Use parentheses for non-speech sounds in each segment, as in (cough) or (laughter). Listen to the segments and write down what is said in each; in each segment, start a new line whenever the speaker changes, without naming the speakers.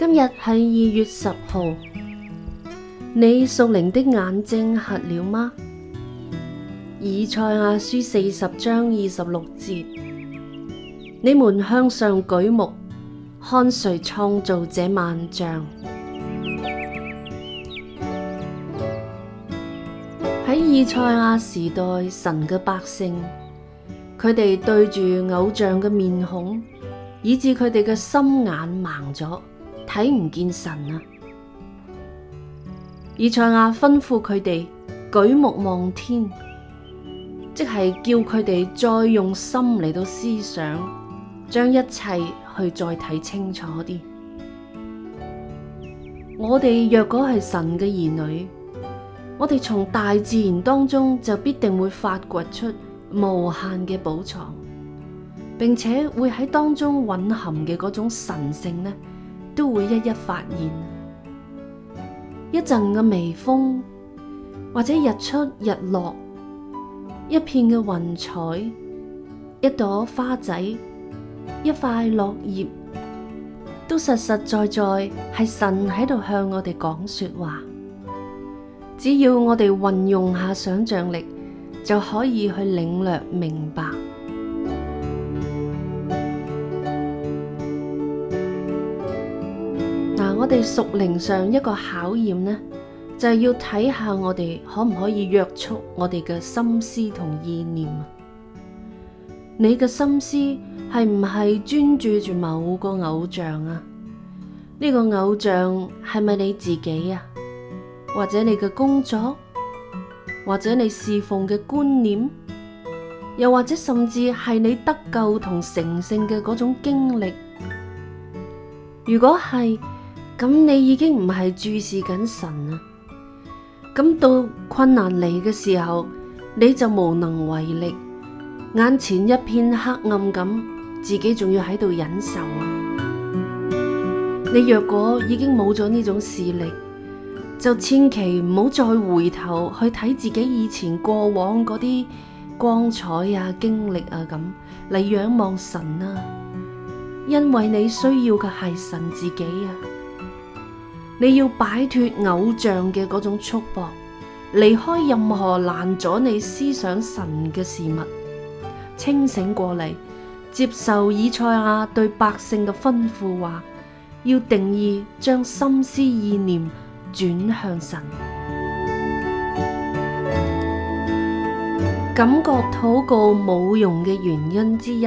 今日係二月十號，你屬靈的眼睛瞎了嗎？以賽亞書四十章二十六節，你們向上舉目，看誰創造這萬象。喺以賽亞時代，神嘅百姓，佢哋對住偶像嘅面孔，以至佢哋嘅心眼盲咗。睇唔見神啊！以賽亞吩咐佢哋舉目望天，即係叫佢哋再用心嚟到思想，將一切去再睇清楚啲。 (noise) 我哋若果係神嘅兒女，我哋從大自然當中就必定會發掘出無限嘅寶藏，並且會喺當中蘊含嘅嗰種神性呢，都會一一發現，一陣嘅微風，或者日出日落，一片嘅雲彩，一朵花仔，一塊落葉，都實實在在係神喺度向我哋講說話。只要我哋運用下想象力，就可以去領略明白。我哋屬靈上一個考驗呢，就係要睇下我哋可唔可以約束我哋嘅心思同意念啊。你嘅心思係唔係專注住某個偶像啊？呢個偶像係咪你自己啊？或者你嘅工作，或者你侍奉嘅觀念，又或者甚至係你得救同成聖嘅嗰種經歷。如果係，咁你已經唔係注視緊神啊，咁到困難嚟嘅時候，你就無能為力，眼前一片黑暗咁，自己仲要喺度忍受啊。你若果已經冇咗呢種視力，就千祈唔好再回頭去睇自己以前過往嗰啲光彩啊、經歷啊，咁嚟仰望神啊，因為你需要嘅係神自己啊。你要擺脫偶像嘅嗰種束縛，離開任何攔阻你思想神嘅事物，清醒過嚟，接受以賽亞對百姓嘅吩咐話，要定義將心思意念轉向神。感覺禱告冇用嘅原因之一，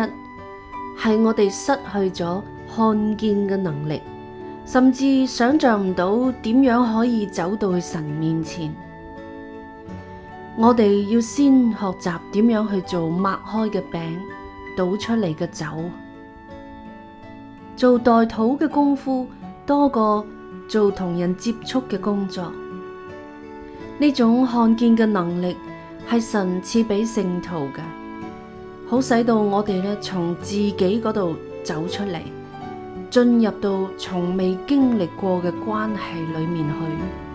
係我哋失去咗看見嘅能力。甚至想象唔到點樣可以走到去神面前。我哋要先學習點樣去做擘開嘅餅、倒出嚟嘅酒，做代禱嘅功夫多過做同人接觸嘅工作。呢種看見嘅能力係神賜俾聖徒嘅，好使到我哋咧從自己嗰度走出嚟。進入到從未經歷過嘅關係裡面去。